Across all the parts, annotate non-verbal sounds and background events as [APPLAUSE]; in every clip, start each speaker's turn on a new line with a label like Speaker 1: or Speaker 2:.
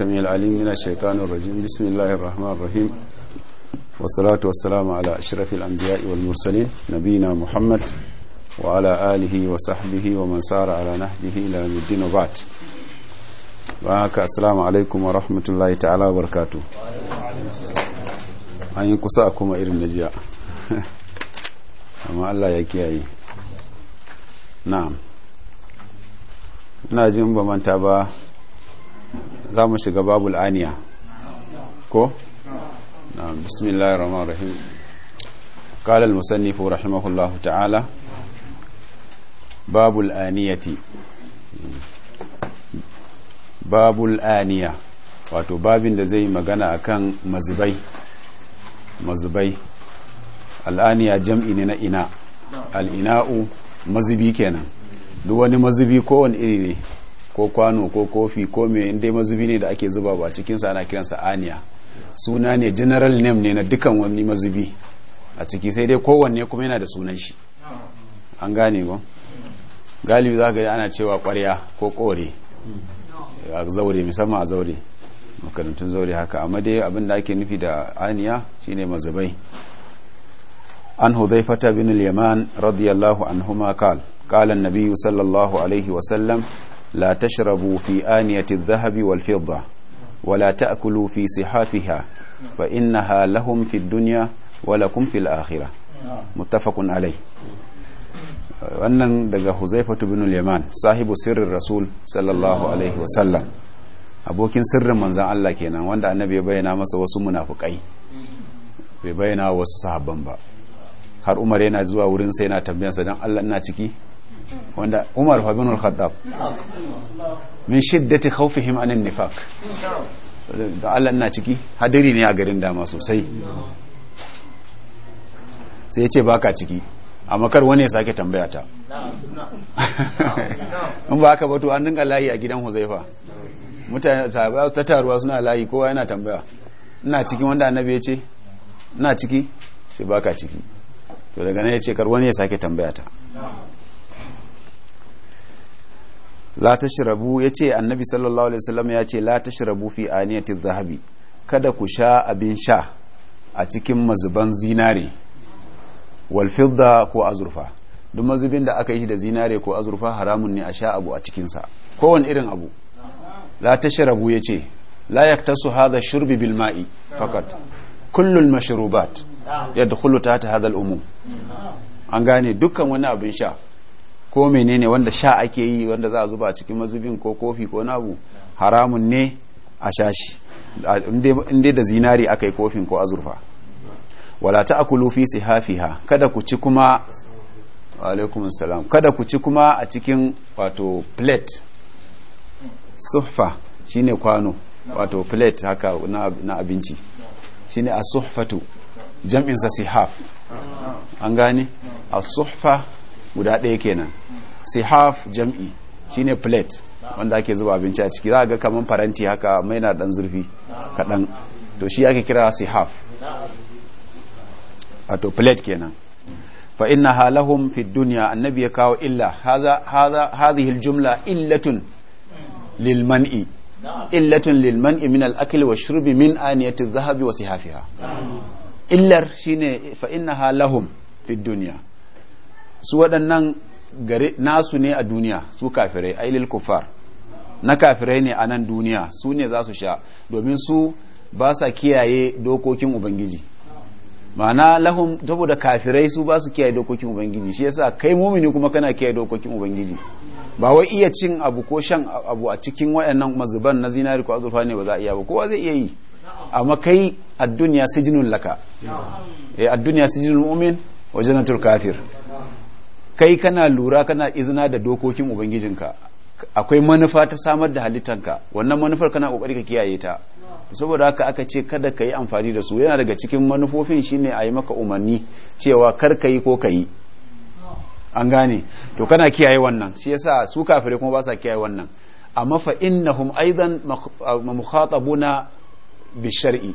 Speaker 1: السميع العليم من الشيطان الرجيم بسم الله الرحمن الرحيم والصلاة والسلام على أشرف الأنبياء والمرسلين نبينا محمد وعلى آله وصحبه ومن سار على نهجه إلى الدين وبعد وآك السلام عليكم ورحمة الله تعالى وبركاته أن يقصاكم إلى النجاة أما الله يكيه نعم ina jin ba manta ba za mu shiga babul aniya ko bismillahir rahmanir rahim قال المصنف رحمه الله تعالى باب الآنية باب الآنية wato babin da zai magana akan mazubai mazubai al'aniya jam'i ne na ina al'ina'u mazubi kenan duk wani mazubi kowane iri ne ko kwano ko kofi ko me inda dai mazubi ne da ake zuba ba cikin sa ana kiransa aniya suna ne general name ne na dukan wani mazubi a ciki sai dai kowanne kuma yana da sunan shi an gane ba galibi za ga ana cewa kwarya ko kore a zaure musamman a zaure makarantun zaure haka amma dai abin da ake nufi da aniya shine mazubai an fata bin yaman radiyallahu anhuma kal kalan Nabiyu sallallahu alaihi wa لا تشربوا في آنية الذهب والفضة ولا تأكلوا في صحافها فإنها لهم في الدنيا ولكم في الآخرة متفق عليه wannan daga huzaifatu bin yaman sahibu sirrin rasul sallallahu alaihi wasallam abokin sirrin manzan Allah kenan wanda annabi ya bayyana masa wasu munafukai bai bayyana wasu sahabban ba har umar yana zuwa wurin sai yana tambayarsa dan Allah ina ciki Hmm. wanda Umar fa bin al-Khattab min shiddati khawfihim anin nifaq da Allah ina ciki hadari ne a garin dama sosai sai ya ce baka ciki a makar wani ya sake tambaya ta [LAUGHS] in ba haka bato an dinga layi a gidan huzaifa mutane ta taruwa suna layi kowa yana tambaya ina ciki wanda annabi ya ce ina ciki sai baka ciki to daga nan ya ce kar wani ya sake tambaya ta la ya ce annabi sallallahu alaihi wasallam yace la shirabu fi aniyati zahabi kada ku sha abin sha a cikin mazuban zinare wal fidda ko azurfa duk mazubin da aka yi da zinare ko azurfa haramun ne a sha abu a cikinsa kowane irin abu la ya ce la yaktasu hadha shurbi bil ma'i fakat kullul mashrubat yadkhulu tahta hadha al umum an gane dukkan wani abin sha ko menene wanda sha ake yi wanda za a zuba a cikin mazubin ko kofi ko nabu haramun ne a sha shi inda da zinari aka yi kofin ko azurfa wala ta akulu fi sihafiha kada ku ci kuma alaikum salam kada ku ci kuma a cikin wato plate suhfa ne kwano wato plate haka na, abinci shi ne a suhfatu jam'in sa sihaf an gane a suhfa guda ɗaya kenan sihaf jam'i shine plate wanda ake zuba abinci a ciki za ga kamar faranti haka mai na dan zurfi kaɗan to shi ake kira sihaf wato plate kenan fa inna halahum fi duniya annabi ya kawo illa haza haza jumla illatun lil man'i illatun lil min al akli wa shurbi min aniyati zahabi dhahabi wa sihafiha illar shine fa inna halahum fi duniya. su waɗannan gare nasu ne a duniya su kafirai ailil kufar na kafirai ne a nan duniya su ne za su sha domin su ba sa kiyaye dokokin ubangiji ma'ana lahum saboda kafirai su ba su kiyaye dokokin ubangiji shi yasa kai mumini kuma kana kiyaye dokokin ubangiji ba wai iya cin abu ko shan abu a cikin waɗannan mazuban na zinari ko azurfa ne ba za a iya ba kowa zai iya yi amma kai a duniya sijinun laka eh a duniya sijinun mu'min wa jannatul kafir kai kana lura kana izina da dokokin ubangijinka akwai manufa ta samar da halittanka wannan manufar kana kokari ka kiyaye ta saboda haka aka ce kada ka yi amfani da su yana daga cikin manufofin shine a yi maka umarni cewa kar ka yi ko ka yi an gane to kana kiyaye wannan shi yasa su kafire kuma ba sa kiyaye wannan amma fa innahum aidan ah, mukhatabuna bi shar'i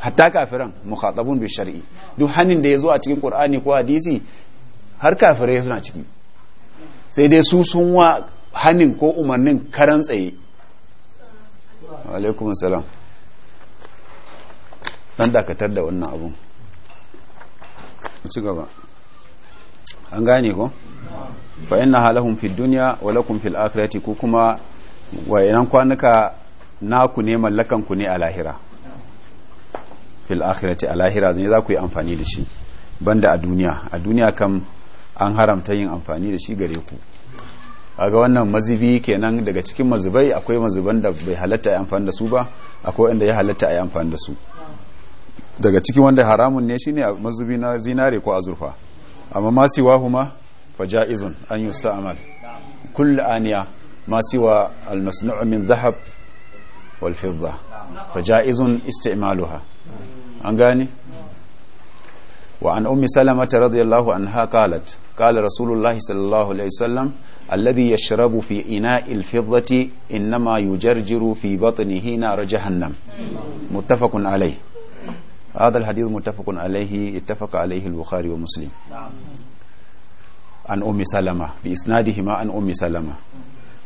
Speaker 1: hatta kafiran mukhatabun bi shar'i duk hanin da yazo a cikin qur'ani ko hadisi har kafirai suna ciki sai dai su sun wa hannun ko umarnin karan tsaye alaikum salam dan dakatar da wannan abun ci gaba an gane ko fa inna halahum fi dunya wa lakum fil akhirati ku kuma wayanan kwanuka naku ne mallakan ku ne a lahira fil akhirati a lahira zai za ku yi amfani da shi banda a duniya a duniya kam an haramta yin amfani da shi gare ku ga wannan mazibi kenan daga cikin mazubai akwai mazuban da bai halatta ya amfani da su ba akwai wanda ya halatta a yi amfani da su daga cikin wanda haramun ne shine mazubi na zinare ko azurfa amma ma siwa huma faja'izun an amal kullu aniya ma wa al min zahab wal fidda faja'izun isti'maluha an gani وعن أم سلمة رضي الله عنها قالت قال رسول الله صلى الله عليه وسلم الذي يشرب في إناء الفضة إنما يجرجر في بطنه نار جهنم متفق عليه هذا الحديث متفق عليه اتفق عليه البخاري ومسلم عن أم سلمة بإسنادهما عن أم سلمة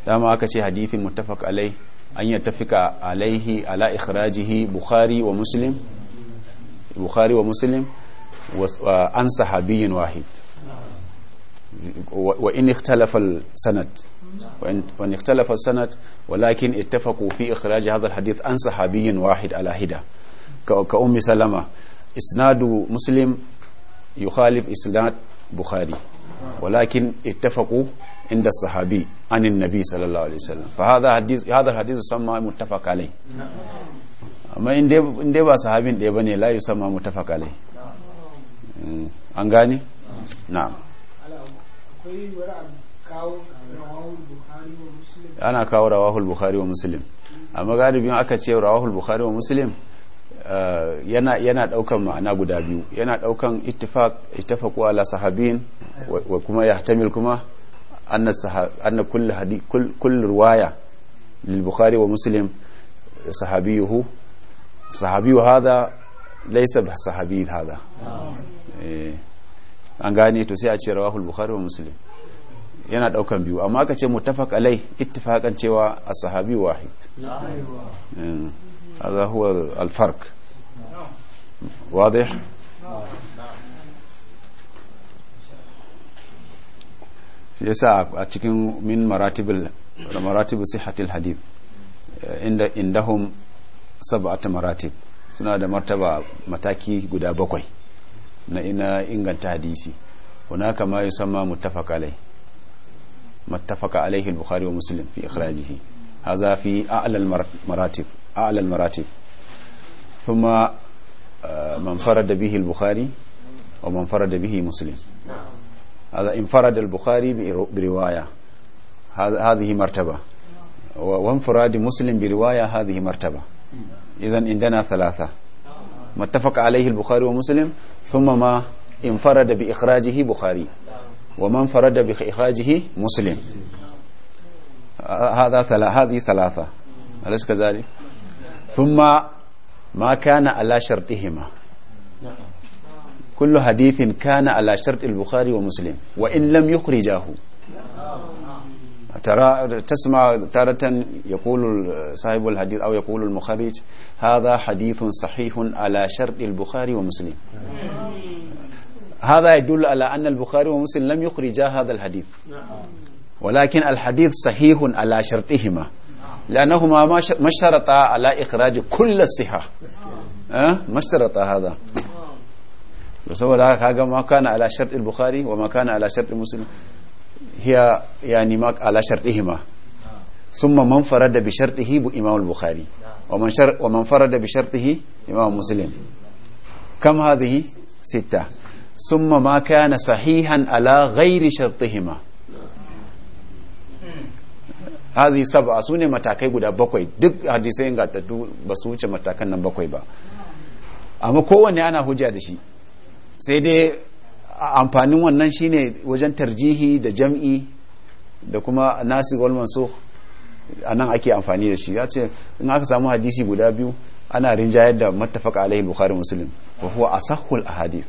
Speaker 1: لما aka حديث متفق عليه أن يتفق عليه على إخراجه بخاري ومسلم بخاري ومسلم عن صحابي واحد وإن اختلف السند وإن اختلف السند ولكن اتفقوا في إخراج هذا الحديث عن صحابي واحد على هدى كأم سلمة إسناد مسلم يخالف إسناد بخاري ولكن اتفقوا عند الصحابي عن النبي صلى الله عليه وسلم فهذا حديث هذا الحديث يسمى متفق عليه أما إن دي, إن دي صحابين دي بني لا يسمى متفق عليه Mm. an gane na'am ana kawo rawahul bukhari wa muslim amma galibin aka ce rawahul bukhari wa muslim eh, yana yana daukan ma'ana guda biyu yana daukan ittifaq ittafaqu ala sahabin wa kuma yahtamil kuma anna anna kull kull riwaya lil bukhari wa muslim sahabiyuhu sahabiyu hadha laysa bi sahabi hadha Eh, an gane to sai a ce rawahul bukhari wa muslim yana daukan biyu amma aka ce muttafaq alai ittifaqan cewa as-sahabi wahid هذا هو الفرق واضح yasa a cikin min maratibul maratibul sihhatil hadith eh, inda indahum sab'at maratib suna da martaba mataki guda bakwai na ina inganta hadisi hunaka ma yusamma muttafaq alai muttafaq alaihi al-bukhari wa muslim fi ikhrajihi hadha fi a'la al-maratib a'la al-maratib thumma uh, man farada bihi al-bukhari wa man farada bihi muslim هذا انفرد البخاري برواية هذه مرتبة وانفراد مسلم برواية هذه مرتبة إذن عندنا ثلاثة متفق عليه البخاري ومسلم ثم ما انفرد بإخراجه بخاري وما انفرد بإخراجه مسلم هذا ثلاثة هذه ثلاثة أليس كذلك ثم ما كان على شرطهما كل حديث كان على شرط البخاري ومسلم وإن لم يخرجاه ترى تسمع تارة يقول صاحب الحديث أو يقول المخرج هذا حديث صحيح على شرط البخاري ومسلم هذا يدل على أن البخاري ومسلم لم يخرج هذا الحديث ولكن الحديث صحيح على شرطهما لأنهما ما شرطا على إخراج كل الصحة أه؟ ما شرطا هذا وسوف هذا ما كان على شرط البخاري وما كان على شرط مسلم هي يعني ما على شرطهما ثم من فرد بشرطه بإمام البخاري ومن, شر ومن فرد بشرطه إمام مسلم كم هذه ستة ثم ما كان صحيحا على غير شرطهما هذه سبعة سنة متاكي قد بقوي دك حديثين قد تدو بسوچ متاكن نم بقوي با amma kowanne ana hujja دشي shi sai dai amfanin wannan shine wajen tarjihi da jam'i da kuma nasi wal mansukh a nan ake amfani da shi ya ce in aka samu hadisi guda biyu ana rinjayar da mattafaka alaihi bukhari muslim wa huwa asahhul ahadith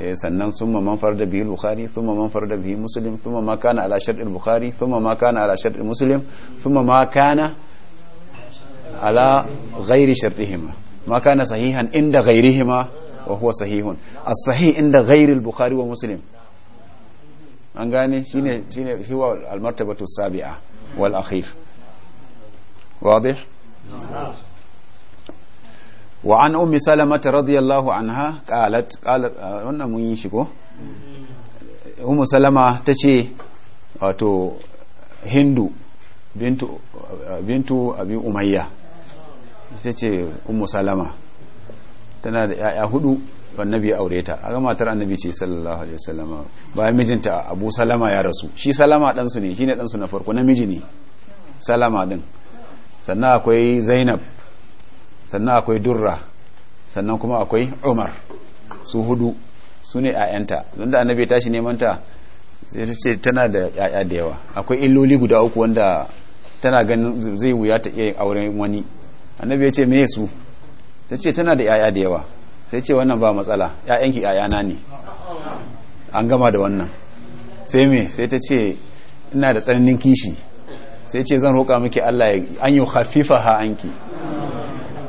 Speaker 1: eh, sannan summa man farada bihi bukhari thumma man farada bihi muslim thumma ma kana ala shart al-bukhari thumma ma kana ala shart muslim thumma ma kana ala ghairi shartihima ma kana sahihan inda ghairihima wa huwa sahihun as-sahih inda ghairi al-bukhari wa muslim an gane shine shine huwa al-martabatu as-sabi'ah والأخير واضح وعن أم سلمة رضي الله عنها قالت قالت أنا منيشكو أم سلمة تشي wato هندو bintu, bintu أبي أمية تشي أم سلمة تنادي يا هدو annabi ya aure ta aga matar annabi ce sallallahu alaihi wasallam bayan mijinta Abu Salama ya rasu shi Salama dan su ne shine dan su na farko namiji ne Salama din sannan akwai Zainab sannan akwai Durra sannan kuma akwai Umar su hudu su ne ƴaƴanta don da annabi ya tashi neman ta sai ce tana da ƴaƴa da yawa akwai illoli guda uku wanda tana ganin zai wuya ta iya auren wani annabi ya ce me su ta ce tana da yaya da yawa sai ce wannan ba matsala ‘ya'yanki ‘ya'yana ne an gama da wannan sai me sai ta ce ina da tsananin kishi sai ce zan roƙa miki Allah ya an yi hafifa ha anki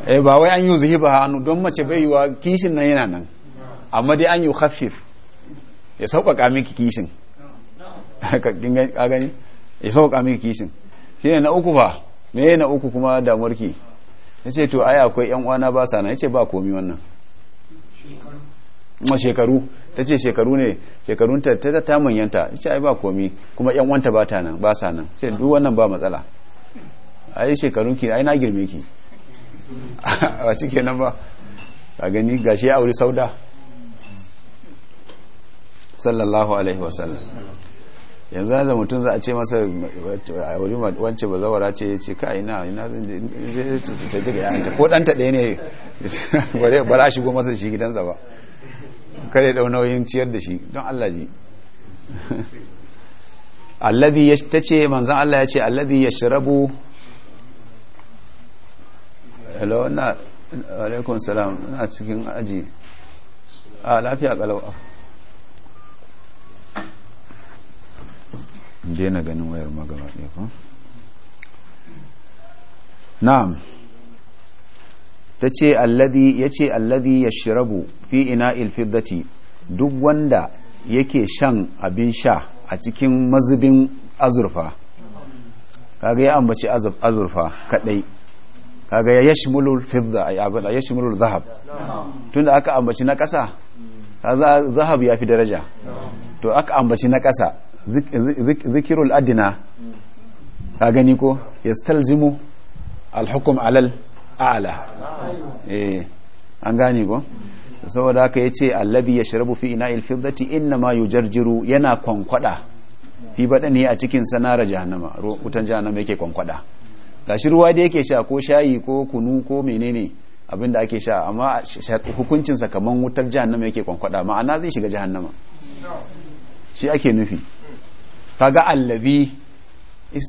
Speaker 1: eh ba wai an yi zuhi ba hannu don mace bai yiwa kishin nan yana nan amma dai an yi hafif ya sauƙaƙa miki kishin ka gani ya sauƙaƙa miki kishin shi ne na uku ba me na uku kuma damarki ya ce to ai akwai yan uwana ba sa na ya ce ba komi wannan ma shekaru ta ce shekaru ne shekarunta ta ta manyanta ce ai ba komi kuma yan wanta ba ta nan ba sa nan ce duk wannan ba matsala ai shekarun ki ai na girme ki [LAUGHS] a shi nan ba a gani gashi ya auri sauda sallallahu alaihi wasallam yanzu da mutum za a ce masa a wance ba zawara ce ya ce ka ina ina zai ta jiga yayanta ko ɗanta ɗaya ne [LAUGHS] ba za a shigo masa shi gidansa ba kare ɗau nauyin ciyar da shi don Allah ji [LAUGHS] ya ta ce manzan Allah ya ce allabi ya shirabu hello na alaikun salam na cikin aji a lafiya kalawa daina ganin wayar magaba ɗaya ko na'am ta ce alladhi ya ce alladhi ya shirabu fi ina ilfiddati duk wanda yake shan abin sha a cikin mazubin azurfa kaga ya ambaci azurfa kadai kaga ya yashmulu fidda ya yashmulu zahab tunda aka ambaci na kasa zahab ya fi daraja to aka ambaci na kasa zikiru adina ka gani ko ya stalzimu alhukum alal a'la eh an gani ko saboda haka yace allabi shirabu fi ina fiddati inna ma jarjiru yana kwankwada fi ne a cikin sanara jahannama wutan jahannama yake kwankwada gashi ruwa da yake sha ko shayi ko kunu ko menene abinda ake sha amma hukuncinsa kamar wutar jahannama yake kwankwada ma'ana zai shiga jahannama shi ake nufi kaga allazi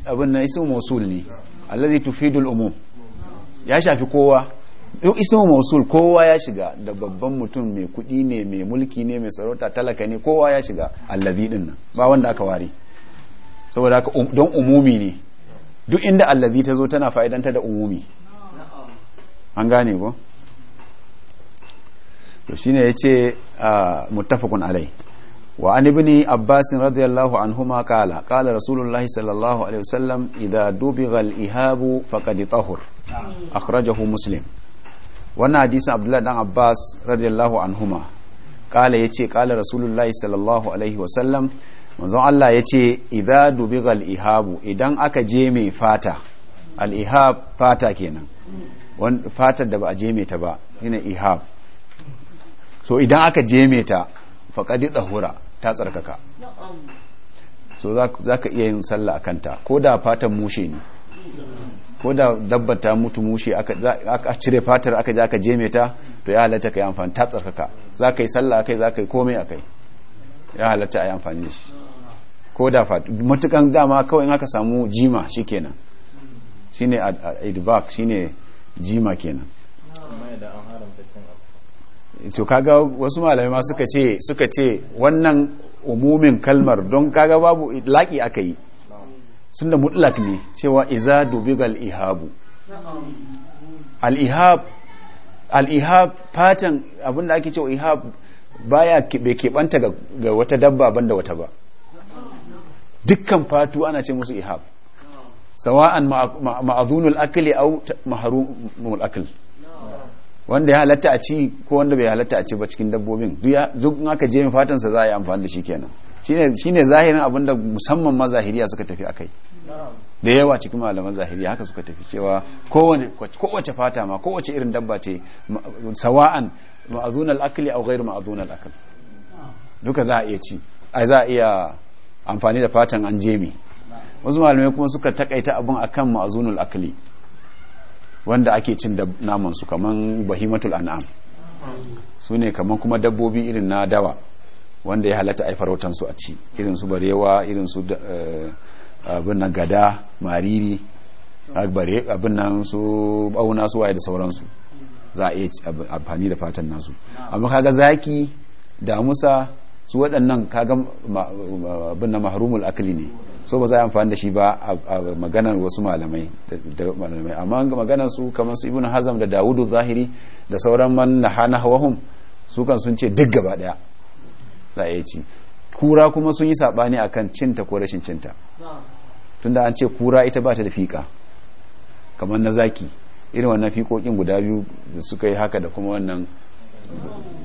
Speaker 1: abin nan ismu mausul ne allazi tufidul umum ya shafi kowa duk ismu mausul kowa ya shiga da babban mutum mai kudi ne mai mulki ne mai sarauta talaka ne kowa ya shiga Allabi din nan ba wanda aka ware saboda haka um, don umumi ne duk inda allazi ta zo tana fa'idanta da umumi an gane ko to shine yace ah, muttafaqun alai وعن ابن عباس رضي الله عنهما قال قال رسول الله صلى الله عليه وسلم إذا دبغ الإهاب فقد طهر أخرجه مسلم وانا حديث عبد الله بن عباس رضي الله عنهما قال يتي قال رسول الله صلى الله عليه وسلم manzon Allah ya ce idha dubigal ihabu idan aka je mai fata al-ihab fata kenan fatar da ba a je ta ba yana ihab so idan aka je ta faƙaɗi tsahura ta tsarkaka so za ka iya yin sallah a kanta ko da fatan mushe ne ko da dabbar ta mutu mushe aka cire fatar aka je aka jeme ta to ya halatta ka yi amfani ta tsarkaka za ka yi sallah kai za ka yi komai kai ya halatta a yi amfani da shi ko da fatu matukan dama kawai in aka samu jima shi kenan shi ne advac shi ne jima kenan to kaga wasu malamai ma suka ce suka ce wannan umumin kalmar don kaga babu laki aka yi sun da mutlak ne cewa iza dubigal ihabu al-ihab al-ihab fatan abinda ake cewa ihab baya bai kebanta ga wata dabba banda wata ba dukkan fatu ana ce musu ihab sawa'an ma'azunul akli au maharumul akli wanda ya halatta a ci ko wanda bai halatta a ci ba cikin dabbobin duk aka je fatan sa za a yi amfani da shi kenan shine zahirin abin da musamman ma zahiriya suka tafi a kai. da yawa cikin malaman zahiriya haka suka tafi cewa kowace fata ma kowace irin dabba ce sawa'an ma'azun al-akli aw ma'azun al duka za a iya ci ai za a iya amfani da fatan an jemi wasu malamai kuma suka takaita abun akan ma'azunul akli wanda ake cin da namansu su kaman bahimatul an'am su ne kaman kuma dabbobi irin na dawa wanda ya halatta a yi su a ci irin su barewa irin su eh, abin na gada mariri abin nan su bauna su waye da sauransu za a yi amfani da fatan nasu amma kaga zaki damusa su waɗannan kaga abin na mahrumul akili ne so ba za a amfani da shi ba a maganar wasu malamai amma maganar su kamar su ibn hazam da dawudu zahiri da sauran man na hana hawahum su kan sun ce duk gaba daya za a ci kura kuma sun yi sabani akan cinta ko rashin cinta tunda an ce kura ita ba ta da fika kamar na zaki irin wannan fikokin guda biyu da suka yi haka da kuma wannan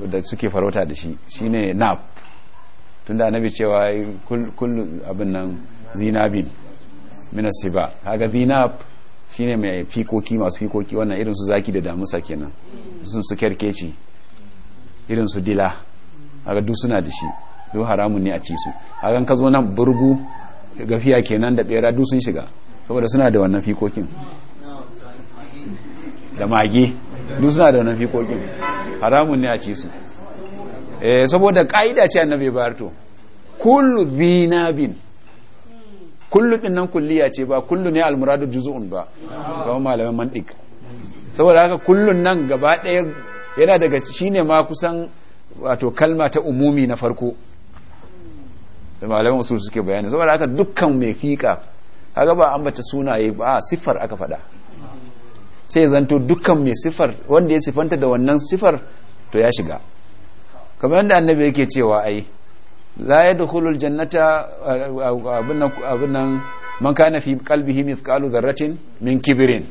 Speaker 1: da suke farauta da shi shine nap tunda annabi cewa kullu abin nan zinabin minas siba kaga zinab shine mai fikoki masu fikoki wannan irin su zaki da damusa kenan sun su kerkeci irin su dila kaga duk suna da shi duk haramun ne a ci su kaga ka zo nan burgu gafiya kenan da bera duk sun shiga saboda suna da wannan fikokin da mage duk suna da wannan fikokin haramun ne a ci su eh saboda kaida ce annabi barto kullu zinabin kullu din nan kulliya ce ba kullu ne almuradu juz'un ba ga malaman mantiq saboda haka kullun nan gaba ɗaya yana daga shine ma kusan wato kalma ta umumi na farko da malaman usul suke bayani saboda haka dukkan mai fiƙa haka ba ambata sunaye ba sifar aka faɗa sai zanto dukkan mai sifar wanda ya sifanta da wannan sifar to ya shiga kamar yadda annabi yake cewa ai la yadkhulul jannata abinan nan man kana fi qalbihi mithqalu dharratin min kibirin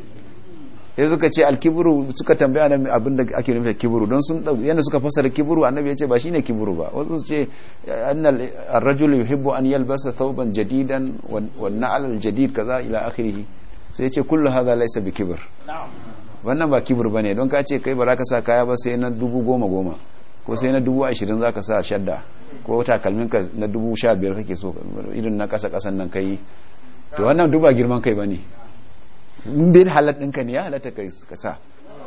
Speaker 1: sai suka ce alkibru suka tambaya da abin da ake nufi kibiru don sun yana suka fasara kibiru annabi ya ce ba shine kibru ba wasu su ce annal ar-rajulu yuhibbu an yalbasa thawban jadidan wan na'al al-jadid kaza ila akhirih sai ya ce kullu hadha laysa bi kibr wannan ba ba bane don ka ce kai ba za ka sa kaya ba sai na dubu goma goma ko sai na dubu ashirin za ka sa shadda ko takalminka na dubu sha biyar kake so irin na kasa kasan nan kai to wannan duba girman kai ba ne in bin ɗinka ne ya halatta ka sa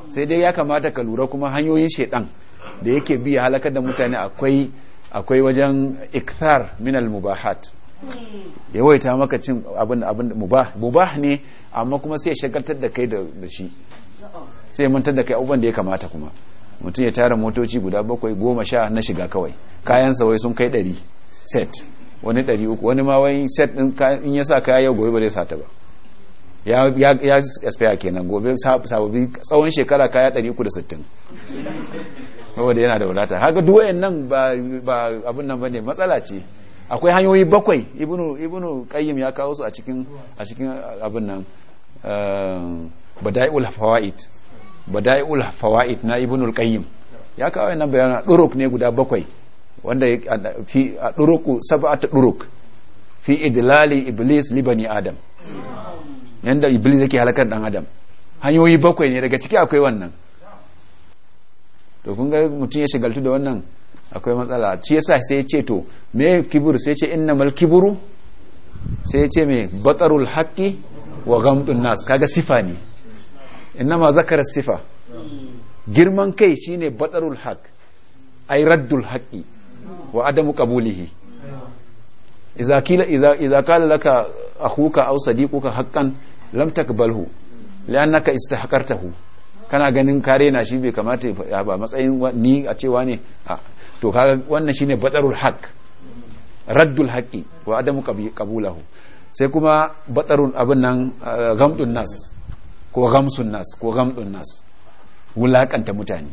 Speaker 1: sai dai ya kamata ka lura kuma hanyoyin shaidan da yake biya halakar da mutane akwai akwai wajen ikthar min al-mubahat yawaita maka cin abin abin mubah mubah ne amma kuma sai ya shagaltar da kai da shi sai mantar da kai abubuwan da ya kamata kuma mutum ya tara motoci guda bakwai goma sha na shiga kawai kayan wai sun kai ɗari set wani ɗari uku wani ma wani set ɗin in ya sa kaya yau gobe ba zai sata ba ya ya expire kenan gobe sababi tsawon shekara kaya ɗari uku da sittin saboda yana da wadata haka duwayen nan ba abin nan bane matsala ce akwai hanyoyi bakwai ibnu ibnu qayyim ya kawo su a cikin a cikin abin nan eh, bada'iul fawaid bada'i'ul fawaid na ibnul qayyim ya kawo wannan bayana duruk ne guda bakwai wanda fi duruku sab'at duruk fi idlali iblis li bani adam yanda iblis yake halakar dan adam hanyoyi bakwai ne daga ciki akwai wannan to kun ga mutun ya shigaltu da wannan akwai matsala shi yasa sai ya ce to me kibru sai ya ce innamal kibru sai ya ce me batarul haqqi wa ghamdun nas kaga sifa ne innama zakar sifa girman kai shine badarul haq ay raddul haqqi wa adamu qabulihi idza kila idza idza qala laka akhuka aw sadiquka haqqan lam takbalhu li'annaka istahqartahu kana ganin kare na shi bai kamata ya ba matsayin ni a cewa ne to kaga wannan shine badarul haq raddul haqqi wa adamu qabulahu sai kuma batarun abin nan gamdun nas ko gamsun nas ko gamdun nas wulakanta mutane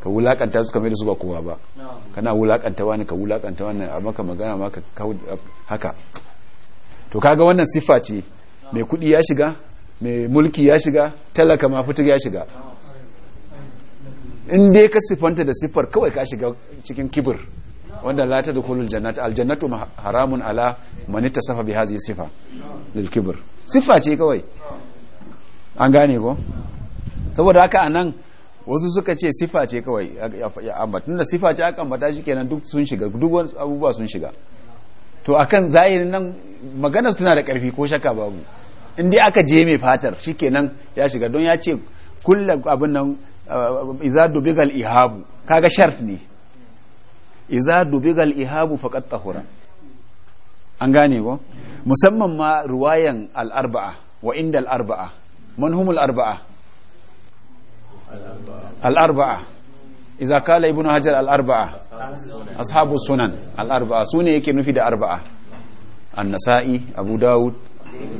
Speaker 1: ka wulakanta su kamar da su ba kowa ba kana wulakanta wani ka wulakanta wani a maka magana maka haka to kaga wannan siffa ce mai kudi ya shiga mai mulki ya shiga talaka ma fitar ya shiga in dai ka siffanta da siffar kawai ka shiga cikin kibir wanda la ta dukulul jannat aljannatu haramun ala manita safa bi hazi sifa lil kibir sifa ce kawai an gane ko saboda haka anan wasu suka ce sifa ce kawai ya ambata tunda sifa ce aka ambata shikenan duk sun shiga duk abubuwa sun shiga to akan zahirin nan maganar suna da karfi ko shakka babu in dai aka je mai fatar shikenan ya shiga don ya ce kulla abin nan uh, iza dubigal ihabu kaga shart ne iza dubigal ihabu faqat tahura an gane ko musamman ma ruwayan al-arba'a wa inda arbaa man humul arba'a al'arba'a iza kala ibn hajar al'arba'a ashabu sunan al'arba'a su ne yake nufi da arba'a annasa'i abu dawud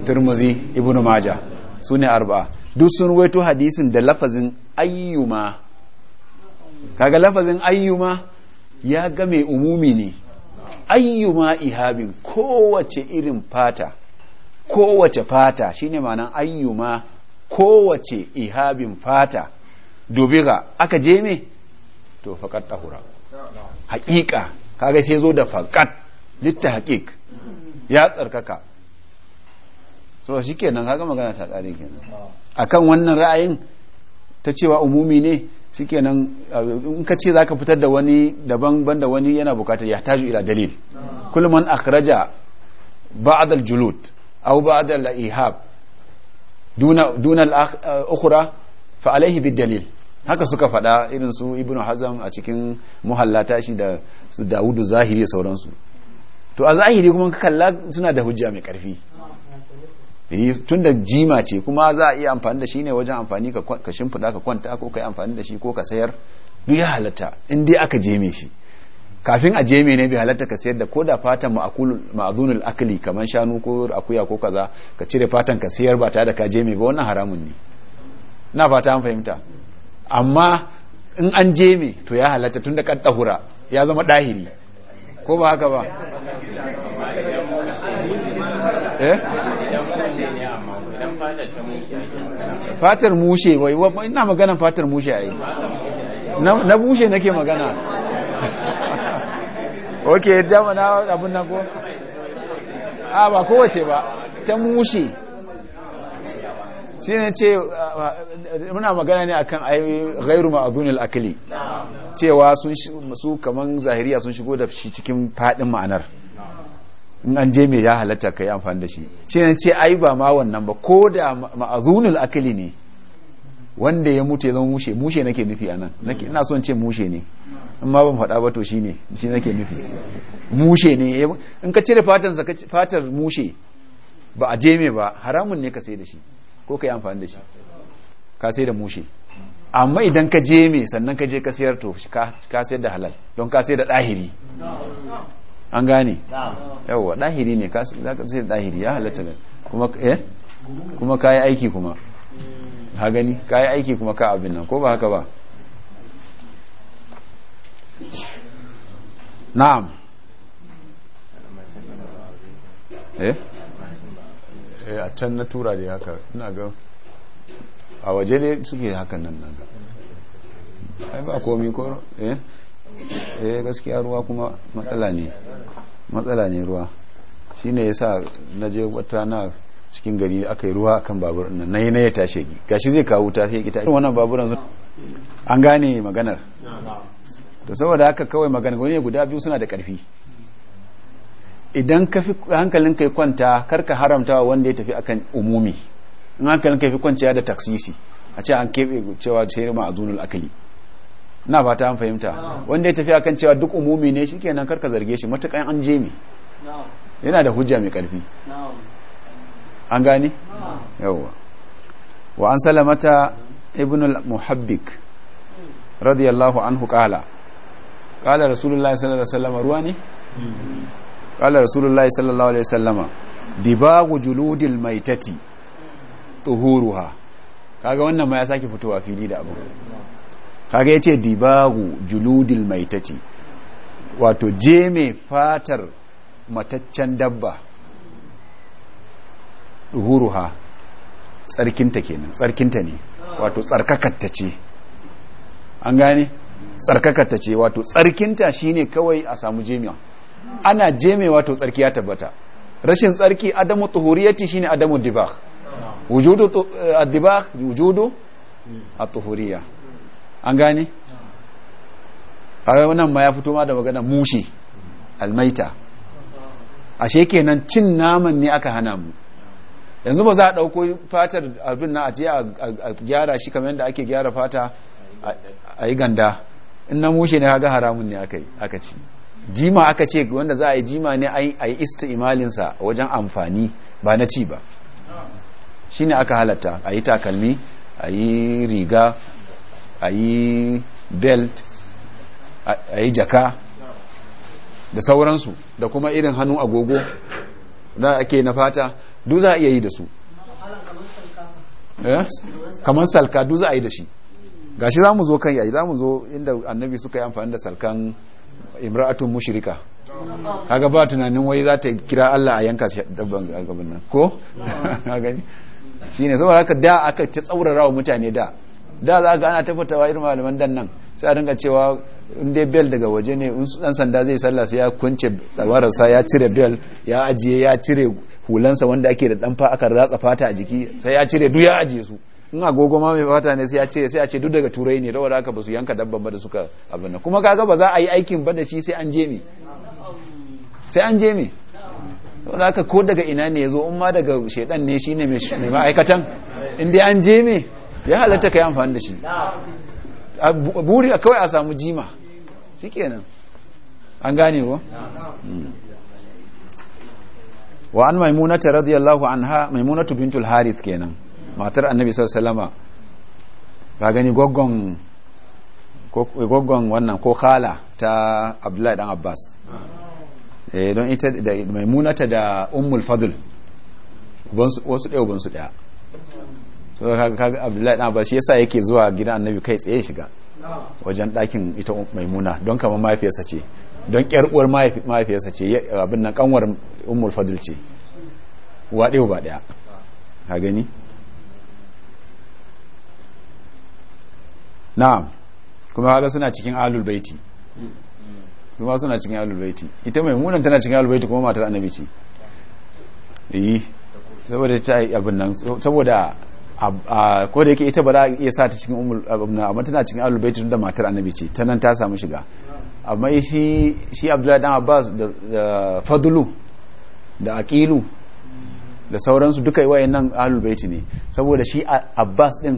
Speaker 1: turmuzi ibn maja Sune arba'a duk sun ruwaito hadisin da lafazin ayyuma kaga lafazin ayyuma ya ga mai umumi ne ayyuma ihabin kowace irin fata kowace fata shine ma'anan ayyuma kowace ihabin fata dubira aka je me to faƙat tahura haƙiƙa kaga sai zo da faƙat litta haƙiƙ ya tsarkaka so shi kenan kaga magana ta tsari kenan akan wannan ra'ayin ta cewa umumi ne shikenan uh, in ka ce zaka fitar da wani daban banda wani yana bukatar ya taju ila dalil kullum man akhraja ba'd al-julud aw ba'd al-ihab duna alaihi uh, bid dalil haka suka faɗa irin su ibnu hazam a cikin muhallata shi da su dawudu zahiri da sauransu to a zahiri kuma kalla suna da hujja mai ƙarfi eh, tun da jima ce kuma za a iya amfani da shi ne wajen amfani ka shimfiɗa ka kwanta ko ka yi amfani da shi ko ka sayar duk ya halatta in dai aka jeme shi kafin a jeme ne bai halatta ka sayar da ko da fatan ma'azunul akli kamar shanu ko akuya ko kaza ka cire fatan ka sayar ba tare da ka jeme ba wannan haramun ne na fata an fahimta amma in an me to ya halatta tun da kan ɗahura ya zama dahiri ko ba haka ba
Speaker 2: eh? fatar
Speaker 1: mushe wai ina maganan fatar mushe ai
Speaker 2: na bushe nake magana
Speaker 1: ok dama na abin nan ko
Speaker 2: a
Speaker 1: ah, ba kowace ba ta mushe shi ne ce muna magana ne akan kan gairu ma'adunil akali cewa su kaman zahiriya sun shigo da shi cikin fadin ma'anar in an je mai ya halatta ka yi amfani da shi shi ne ce ai ba ma wannan ba ko da ma'azunil akili ne wanda ya mutu ya zama mushe mushe nake nufi anan nan ina son ce mushe ne in ma ban faɗa ba to shine shi nake nufi mushe ne eh, in ka cire fatan fatar mushe ba a jeme ba haramun ne ka sai da shi ko ka yi amfani da shi ka sai da mushe amma idan ka jeme sannan ka je ka sayar to ka sayar da halal don ka sayar da ɗahiri an gane yawa ɗahiri ne ka sayar da ɗahiri ya halatta kuma eh kuma ka yi aiki kuma ha gani ka yi aiki kuma ka abin nan ko ba haka ba na'am eh, eh a can na tura da haka ina ga a waje ne suke hakan nan na ga ai ba komi ko eh eh gaskiya ruwa kuma matsala ne matsala ne ruwa shine yasa naje wata na cikin gari aka yi ruwa akan babur nan nayi na ya tashe gi gashi zai kawo ta sai kita wannan baburan an gane maganar to saboda haka kawai maganar wani guda biyu suna da karfi idan ka fi hankalin kai kwanta karka haramtawa wanda ya tafi akan umumi in hankalin kai fi kwanciya da taksisi a ce an keɓe cewa sai ma azunul akali na fata an fahimta wanda ya tafi akan cewa duk umumi ne shikenan karka zarge shi matakan an je mi yana da hujja mai karfi an gani. yawwa wa an salamata ibn al-muhabbik radiyallahu anhu kala. Kala rasulullahi sallallahu alaihi wasallam ruwa ne kala rasulullahi sallallahu alaihi wasallama dibagu juludil maitati tuhuruha kaga wannan ma ya sake fitowa fili da abu kaga yace dibagu juludil maitati wato jeme fatar mataccen dabba duhuruha tsarkinta kenan tsarkinta ne wato tsarkakatta ce an gane tsarkakatta ce wato tsarkinta shine kawai a samu jemiya ana jeme wato tsarki ya tabbata rashin tsarki adamu tuhuriyati shine adamu dibag wujudu eh, ad dibag wujudu at-tuhuriyya an gane kawai wannan ma ya fito ma da magana mushi almaita ashe kenan cin naman ne aka hana mu yanzu ba za a ɗauko fatar abin na a je a gyara shi kamar yadda ake gyara fata a yi ganda in na mushe ne haga haramun ne aka ci jima aka ce wanda za a yi jima ne a yi imalinsa wajen amfani ba na ci ba shi ne aka halatta a yi takalmi a yi riga a yi belt a yi jaka da sauransu da kuma irin hannu agogo da ake na fata duk za a iya yi da su eh? kamar salka duk za a yi da shi shi za mu zo kan yayi za mu zo inda annabi suka yi amfani da salkan imra'atun mushrika kaga ba tunanin wai za ta kira Allah a yanka dabban gaban nan ko [LAUGHS] shine saboda haka da aka ta tsaurara wa mutane da da za ga ana tafatawa irin malaman dan nan sai a dinga cewa in dai bel daga waje ne in dan sanda zai sallah sai ya kunce sa ya cire bel ya ajiye ya cire hulansa wanda ake da danfa aka ratsa fata a jiki sai ya cire duk ya ajiye su in agogo ma mai fata ne sai ya cire sai a ce duk daga turai ne saboda haka ba su yanka dabban ba da suka abin nan kuma kaga ba za a yi aikin ba da shi sai an je sai an je me saboda haka ko daga ina ne yazo in ma daga shedan ne shine mai ma'aikatan in dai an je ya halatta kai amfani da shi buri kawai a samu jima shikenan an gane ko hmm. wa an maimunata radiyallahu anha maimunatu bintul harith kenan matar annabi sallallahu ka gani goggon ko goggon wannan ko khala ta abdullahi dan abbas eh don ita da maimunata da ummul fadl wasu ɗaya ubansu ɗaya so kaga abdullahi dan abbas shi yasa yake zuwa gidan annabi kai tsaye shiga wajen ɗakin ita maimuna don kamar mafiyarsa ce don ƙyar uwar mahaifiyarsa ce abin nan kanwar ummul fadil ce uwa ba ɗaya ha gani na'am kuma haka suna cikin alul baiti kuma suna cikin alul baiti ita mai munan tana cikin alul baiti kuma matar annabi ce yi saboda ta yi abin nan saboda ko da yake ita ba za a iya sa ta cikin umul abin nan amma tana cikin alul baiti tun da matar annabi ce ta nan ta samu shiga amma shi shi abdullahi dan abbas da fadlu da aqilu da sauransu duka wayannan ahlul baiti ne saboda shi abbas din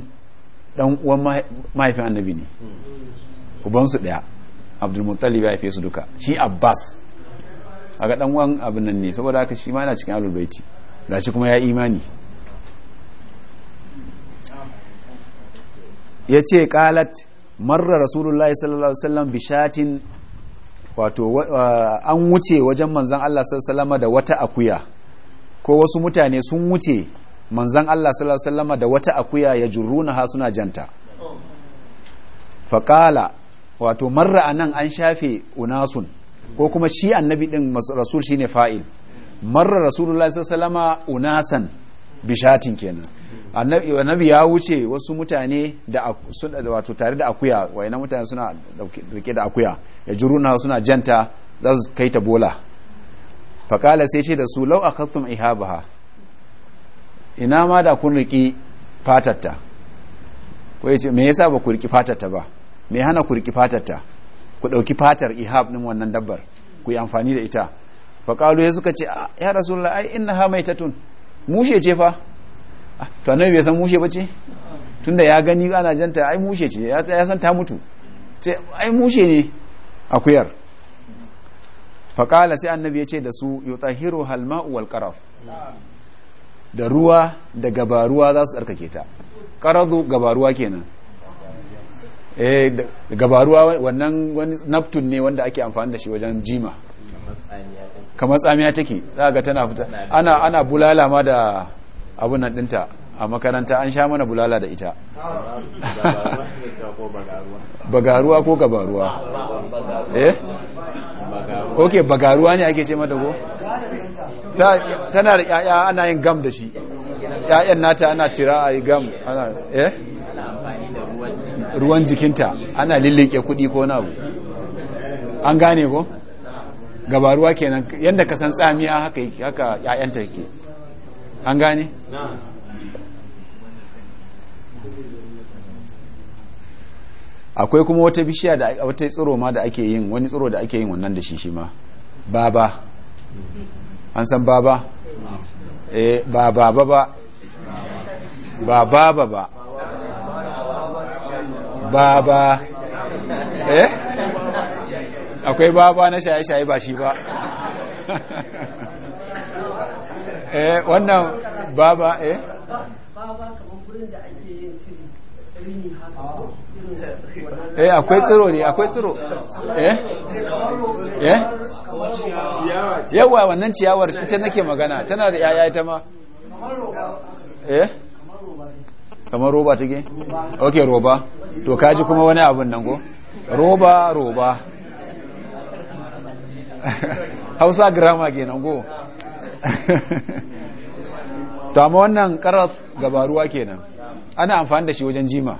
Speaker 1: dan uwan mahaifin annabi ne su daya abdul muttalib ya su duka shi abbas aga dan uwan abin nan ne saboda haka shi ma yana cikin ahlul baiti gashi kuma ya imani yace qalat marra rasulullahi sallallahu alaihi wasallam bishatin wato an wuce wajen manzan Allah sallama da wata akuya ko wasu mutane sun wuce manzan Allah sallama da wata akuya ya jurruna na suna janta faƙala wato marra a nan an shafe unasun ko kuma shi annabi ɗin rasul shine fa'il marra rasulullah sallama unasan bishatin kenan annabi ya wuce wasu mutane da wato tare da akuya wayna mutane suna rike da akuya ya juruna suna janta za su kai ta bola faƙala sai ce da su lau a kastum ihabaha ina ma da kun riƙi fatarta. ko ya ce me yasa ba ku riƙi fatarta ba me hana ku riƙi fatarta ku ɗauki fatar ihab ɗin wannan dabbar ku yi amfani da ita faƙalu ya suka ce ya rasulullah ai inna ha mai tatun mushe ce fa to annabi bai san mushe ba ce tunda ya gani ana janta ai mushe ce ya san ta mutu ce ai mushe ne akuyar faƙala sai annabi ya ce da su yau tsahiro halma'u wal ƙaraf da ruwa da gabaruwa za su tsarkake ta ƙarazu gabaruwa kenan eh gabaruwa wannan wani naftun ne wanda ake amfani da shi wajen jima kamar tsamiya take za tana fita ana bulala ma da abun nan dinta a makaranta an sha mana bulala da ita
Speaker 2: bagaruwa ko gabaruwa eh ok bagaruwa ne
Speaker 1: ake ce mata ko tana da yaya ana yin gam da shi yayan nata ana cira a yi gam ana eh ruwan jikinta ana lillike kudi ko na abu an gane ko gabaruwa kenan yadda ka san tsamiya haka haka yayanta yake an gane akwai kuma wata bishiya da wata tsiro ma da ake yin wani tsiro da ake yin wannan da shi shi ma baba an san baba eh ba baba ba ba baba ba
Speaker 2: baba eh akwai
Speaker 1: baba na shaye-shaye ba shi ba [LAUGHS]
Speaker 2: eh wannan baba eh baba kamar gurin da ake yin rini haka eh akwai tsiro ne akwai tsiro eh eh yawa
Speaker 1: wannan ciyawar shi ta nake magana tana da yaya ita ma eh kamar roba take ok roba to kaji kuma wani abun nan ko roba roba
Speaker 2: [LAUGHS]
Speaker 1: hausa girama kenan go to amma wannan karas gaba ruwa kenan ana amfani da shi wajen jima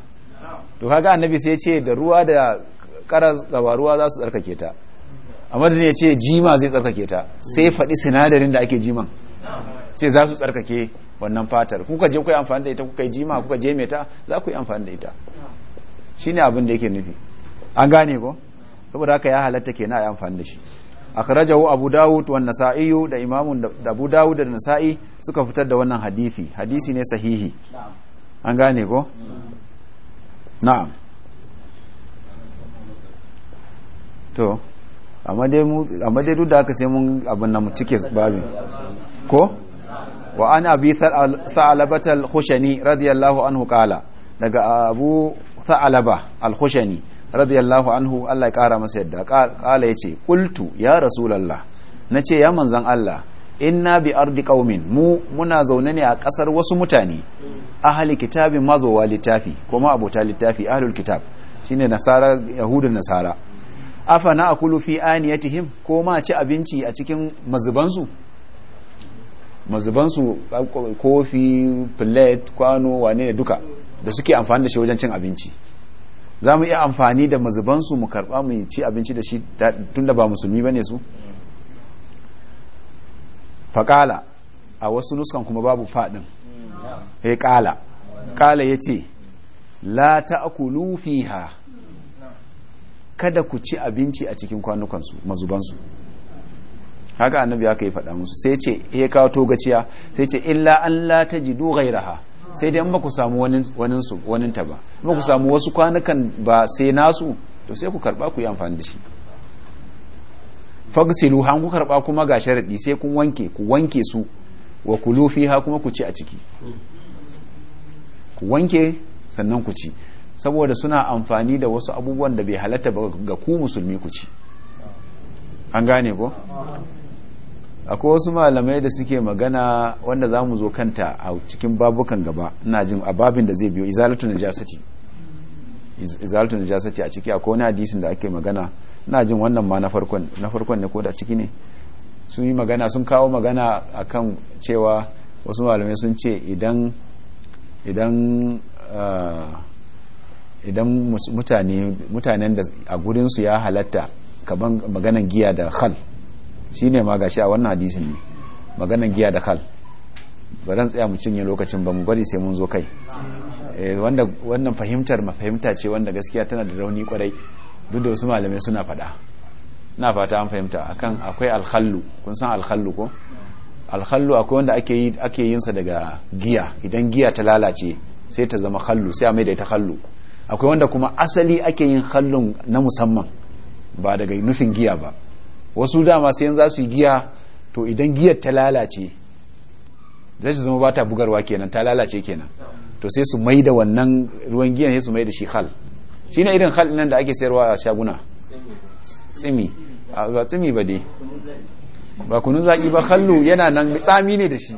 Speaker 1: to kaga annabi sai ce da ruwa da karas gaba ruwa za su tsarkake ta amma da ya ce jima zai tsarkake ta sai faɗi sinadarin da ake jiman ce za su tsarkake wannan fatar kuka je kuka yi amfani da ita kuka yi jima kuka je mai ta za ku yi amfani da ita shine abin da yake nufi an gane ko saboda haka ya halatta kenan a yi amfani da shi akhrajahu abu dawud wa nasa'i da imamun da abu dawud da nasa'i suka fitar da wannan hadisi hadisi ne sahihi an gane ko na'am to amma dai duk da aka sai mun abin mu cike babin ko wa an abi sa'alabatal khushani radiyallahu anhu kala daga abu sa'alaba al-khushani radiyallahu anhu Allah ya kara masa yadda kala yace kultu ya rasulullah nace ya manzan Allah inna bi ardi qaumin mu muna zaune ne a kasar wasu mutane ahli kitabin mazowa littafi kuma abota littafi ahlul kitab shine nasara yahudun nasara afa na akulu fi aniyatihim ko ma ci abinci a cikin mazubansu mazubansu kofi plate kwano wane duka da suke amfani da shi wajen cin abinci za mu iya amfani da mazubansu mu karba mu ci abinci da shi tunda ba musulmi ba ne su faƙala a wasu nuskan kuma babu faɗin ya ƙala ƙala ya ce la ta'kulu fiha kada ku ci abinci a cikin kwanukansu mazubansu haka annabi aka yi faɗa musu sai ce ya kawo togaciya sai ce illa an la duk gairaha sai dai in ba ku samu wanin ta ba ba ku samu wasu kwanukan ba sai nasu to sai ku karba ku yi amfani da shi fagsilu han ku karba kuma ga sharadi sai kun wanke ku wanke su wa kulu fiha kuma ku ci a ciki ku wanke sannan ku ci saboda suna amfani da wasu abubuwan da bai halatta ga ku musulmi ku ci an gane ko akwai wasu malamai da suke magana wanda za mu zo kanta a cikin babukan gaba ina jin a babin da zai biyo izalatu najasati izalatu najasati a ciki akwai wani hadisin da ake magana ina jin wannan ma na farkon na farkon ne ko da ciki ne sun yi magana sun kawo magana akan cewa wasu malamai sun ce idan idan eh, idan mutane mutanen da a gurinsu ya halatta kaban maganan giya da khal Shi ne ma gashi a wannan hadisin ne maganan giya da hal ba zan tsaya mu cinye lokacin ba mu bari sai mun zo kai eh, wanda wannan fahimtar mafahimta ce wanda gaskiya tana da rauni kwarai duk da wasu malamai suna faɗa na fata an fahimta akan akwai alhallu kun san alhallu ko alhallu akwai wanda ake yi ake yin sa daga giya idan giya ta lalace sai ta zama hallu sai a mai da ita hallu akwai wanda kuma asali ake yin hallun na musamman ba daga nufin giya ba wasu dama sai za su yi giya to idan giyar ta lalace zai zama ba ta bugarwa kenan ta lalace kenan to sai su mai da wannan ruwan giyan sai su mai da shi hal shi ne irin hal nan da ake sayarwa a shaguna tsimi ba tsimi ba dai ba kunun zaki ba hallu yana nan tsami ne da shi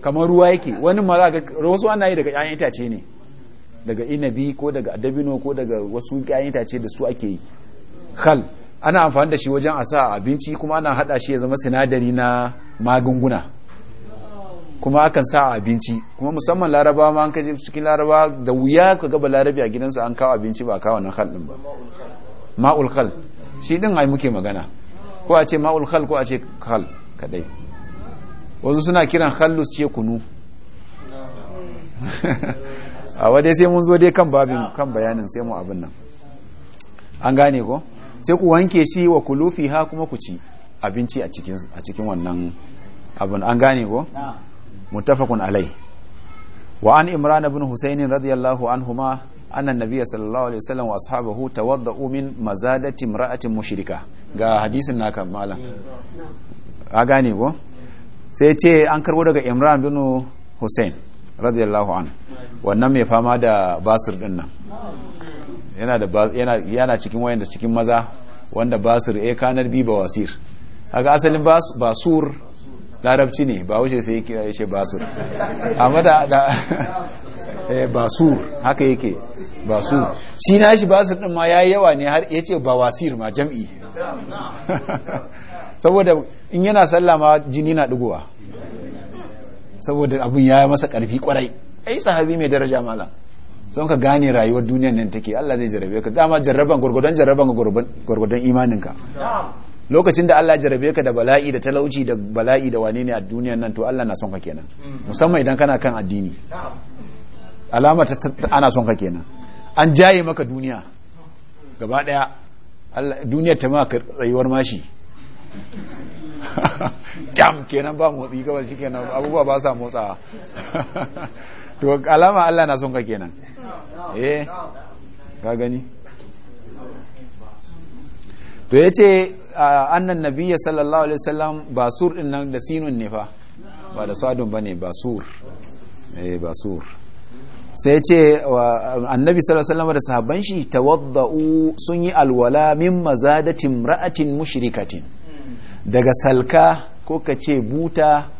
Speaker 1: kamar ruwa yake wani ma za ga wasu ana yi daga 'ya'yan itace ne daga inabi ko daga adabino ko daga wasu 'ya'yan itace da su ake yi hal ana amfani da shi wajen a sa abinci kuma ana hada shi ya zama sinadari na magunguna kuma akan sa abinci kuma musamman laraba ma an kaje cikin laraba da wuya ka gaba larabi a gidansa an kawo abinci ba kawo nan khaldin ba ma'ul khal shi din ai muke magana ko a ce ma'ul khal ko a ce khal kadai wasu suna kiran khallus ce kunu [LAUGHS] a wadai sai mun zo dai kan babin kan bayanin sai mu abin nan an gane ko sai ku wanke shi wa kulufi ha kuma ku ci abinci a cikin a cikin wannan abin an gane ko muttafaqun alai wa an imran ibn husayn radiyallahu anhuma anna nabiyya sallallahu alaihi wasallam wa ashabahu tawadda'u min mazadati imra'atin mushrika ga hadisin naka malam a gane ko sai ce an karbo daga imran ibn husayn radiyallahu an wannan mai fama da basir din nan yana da yana yana cikin wayanda cikin maza wanda basir eh kanar bi ba wasir haka asalin basur larabci ne ba wuce sai yake yace basur amma da [LAUGHS] eh basur haka yake basur shi na shi basur din ma yayi yawa ne har yace ba wasir ma jam'i [LAUGHS] saboda in yana sallah ma jini na digowa saboda abun ya masa karfi kwarai ai sahabi mai daraja malam sun ka gane rayuwar duniyan nan take Allah zai jarabe ka dama jarraban gurgudan jarraban gurgudan imaninka lokacin da Allah jarabe ka da bala'i da talauci da bala'i da wane ne a duniyan nan to Allah na son ka kenan mm. musamman idan kana kan addini alama ta ana son ka kenan an jaye maka duniya gaba daya Allah duniyar ta maka rayuwar mashi [LAUGHS] kyam kenan ba motsi kawai shikenan abubuwa ba sa motsawa [LAUGHS] to alama Allah na son ka kenan eh ka gani to ce annan nabiya sallallahu alaihi wasallam basur din nan da sinun ne fa ba da sadun bane basur eh basur sai ce annabi sallallahu alaihi wasallam da sahabban shi tawadda'u sun yi alwala min mazadatin ra'atin mushrikatin daga salka ko kace buta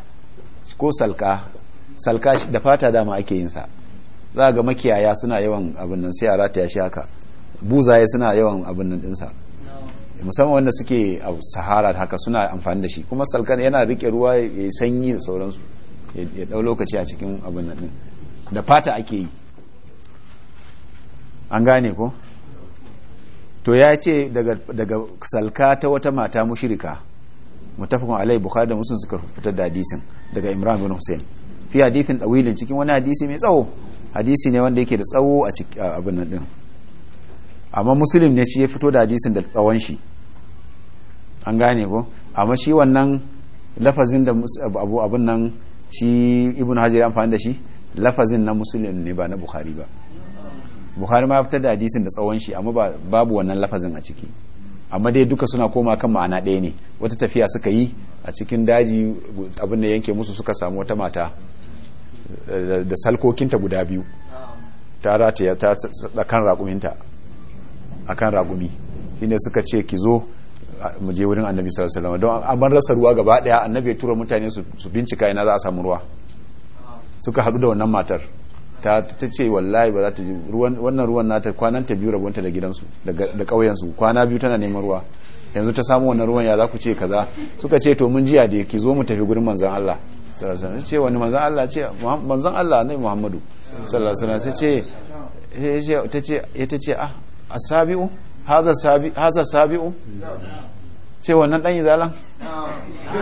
Speaker 1: ko salka salka da fata dama ake yin sa za ga makiyaya suna yawan abin nan sai a rataya shi haka buzaye suna yawan abin nan dinsa musamman wanda suke a sahara haka suna amfani da shi kuma salkan yana rike ruwa ya sanyi da sauransu ya dau lokaci a cikin abin nan da fata ake yi an gane ko to ya ce daga salka ta wata mata mushirika mutafakun alai bukhari da musulun suka fitar da hadisin daga imran bin hussein fi hadithin dawilin cikin wani hadisi mai tsawo hadisi ne wanda yake da tsawo a cikin abin nan din amma muslim ne shi ya fito da hadisin da tsawon shi an gane ko amma shi wannan lafazin da abu abin nan shi ibn hajar amfani da shi lafazin na muslim ne ba na bukhari ba bukhari ma ya fito da hadisin da tsawon shi amma babu wannan lafazin a ciki amma dai duka suna koma kan ma'ana ɗaya ne wata tafiya suka yi a cikin daji abin da yanke musu suka samu wata mata da salkokinta guda biyu ta rataya ta tsakan kan akan shi ne suka ce ki zo mu je wurin annabi sallallahu alaihi wasallam don an rasa ruwa gaba daya annabi ya tura mutane su bincika ina za a samu ruwa suka haɗu da wannan matar ta ta ce wallahi ba za ta ji ruwan wannan ruwan nata kwanan ta biyu rabonta da gidansu da ƙauyensu su kwana biyu tana neman ruwa yanzu ta samu wannan ruwan ya za ku ce kaza suka ce to mun jiya da ki zo mu tafi gurin manzon Allah sallallahu alaihi wasallam ce wani manzon Allah ce manzon Allah ne Muhammadu sallallahu alaihi wasallam tace tace ita ce ah asabiu haza sabi haza sabiu ce wannan dan izalan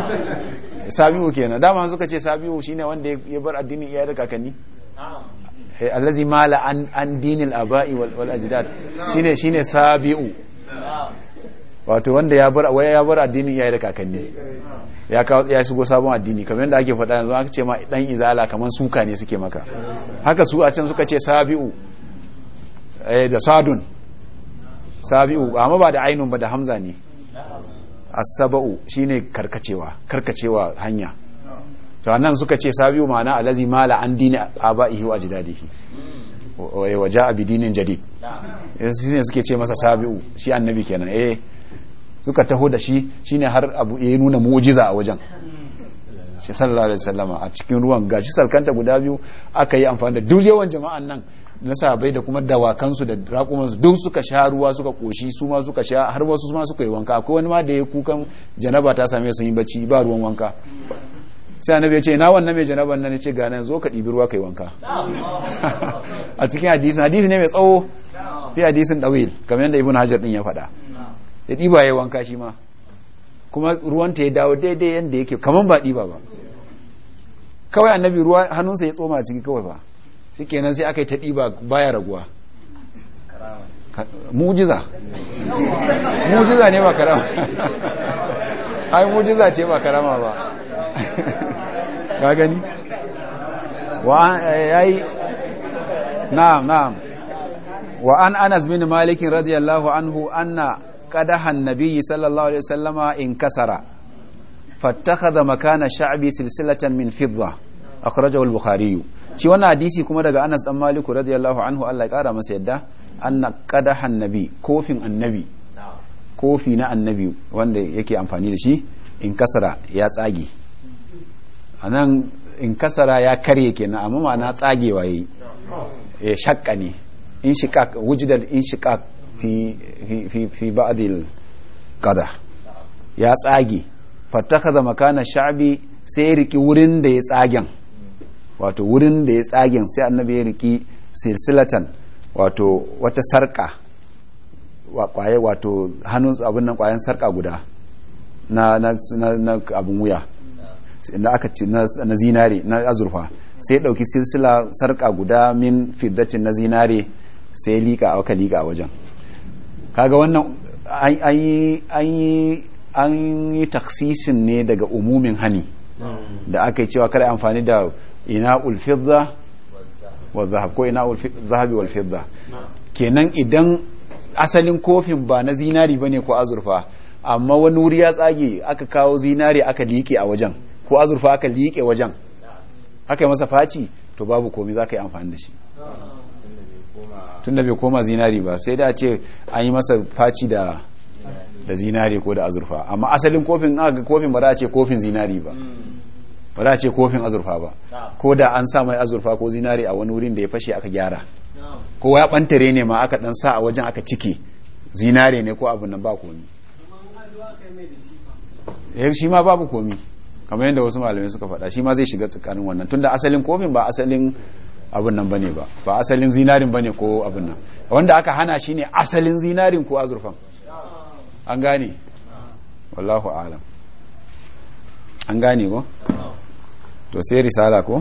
Speaker 1: [LAUGHS] sabiu kenan dama suka ce sabiu shine wanda ya bar addinin iyaye da kakanni allazi mala an dinil aba'i wal ajdad shine shine sabiu wato wanda ya bar waya ya bar addinin iyaye da kakanni ya ka ya shigo sabon addini kamar yadda ake faɗa yanzu aka ce ma dan izala kamar suka ne suke maka haka su a can suka ce sabi'u eh da sadun sabi'u amma ba da ainun ba da hamza ne as sabu shine karkacewa karkacewa hanya to nan suka ce sabi'u ma'ana alazi mala an dini abaihi wa ajdadihi wa ja'a bi dinin jadid
Speaker 2: yanzu ne suke ce masa
Speaker 1: sabi'u shi annabi kenan eh suka taho da shi shine har abu ya nuna mu'jiza a wajen shi sallallahu alaihi wasallama a cikin ruwan gashi sarkanta guda biyu aka yi amfani da duk yawan jama'an nan na sahabbai da kuma dawakansu da raƙumansu duk suka sha ruwa suka koshi su ma suka sha har wasu ma suka yi wanka akwai wani ma da ya kukan janaba ta same sun yi bacci ba ruwan wanka sai annabi ya ce na wannan mai janaban nan ce gane zo ka ɗibi ruwa kai wanka
Speaker 2: [LAUGHS]
Speaker 1: a cikin hadisin hadisi ne mai tsawo fi hadisin dawil kamar yadda ibn hajar din ya faɗa ya ɗiba ya wanka shi ma kuma ruwanta ya dawo daidai yadda yake kamar ba ɗiba ba kawai annabi ruwa hannunsa ya tsoma a ciki kawai ba shi kenan sai aka yi ta ɗiba baya raguwa mujiza
Speaker 2: mujiza ne ba karama [LAUGHS]
Speaker 1: ai mujiza ce ba karama ba ga [LAUGHS] gani wa yayi
Speaker 2: eh,
Speaker 1: na'am na'am wa an anas bin malikin radiyallahu anhu anna qadahan nabiyyi sallallahu alaihi wasallama in kasara fattakhadha makana sha'bi silsilatan min fidda akhrajahu al-bukhari shi wannan hadisi kuma daga Anas dan Malik radiyallahu anhu Allah ya kara masa yadda anna qadahan annabi kofi na annabi wanda yake amfani da shi in kasara ya tsage anan in kasara ya karye kenan amma ma'ana tsagewa yayi ya shakka ne in shiqaq wujidal in shiqaq fi في في في بعض القدح يا tsage fattakaza makana sha'bi sai ya riki wurin da ya tsagen wato wurin da ya tsagen sai annabi ya riki silsilatan wato wata sarka kwaye wato hannun abin nan kwayan sarka guda na na na abin wuya inda aka ci na zinare na azurfa sai ya dauki silsila sarka guda min fiddatin na zinare sai lika aka lika a wajen kaga wannan an yi taksisin ne daga umumin hani da aka yi cewa kada amfani da ina ulfidda wa zahab ko ina zahabi wal kenan idan asalin kofin ba na zinari ba ne ko azurfa amma wani wuri ya tsage aka kawo zinari aka liƙe a wajen ko azurfa aka liƙe wajen aka yi masa faci to babu komai za ka yi amfani da shi tun da bai koma zinari ba sai da ce an yi masa faci da da zinari ko da azurfa amma asalin kofin aka ga kofin ba za a ce kofin zinari ba ba za a ce kofin azurfa ba ko da an sa mai azurfa ko zinari a wani wurin da ya fashe aka gyara ko ya bantare ne ma aka dan sa a wajen aka cike zinari ne ko abin nan ba komi eh shi ma babu komi kamar yadda wasu malamai suka faɗa shi ma zai shiga tsakanin wannan tunda asalin kofin ba asalin abin nan bane ba ba asalin zinarin bane ko abin nan wanda aka hana shi ne asalin zinarin ko azurfan an gane wallahu alam an gane ko to sai risala ko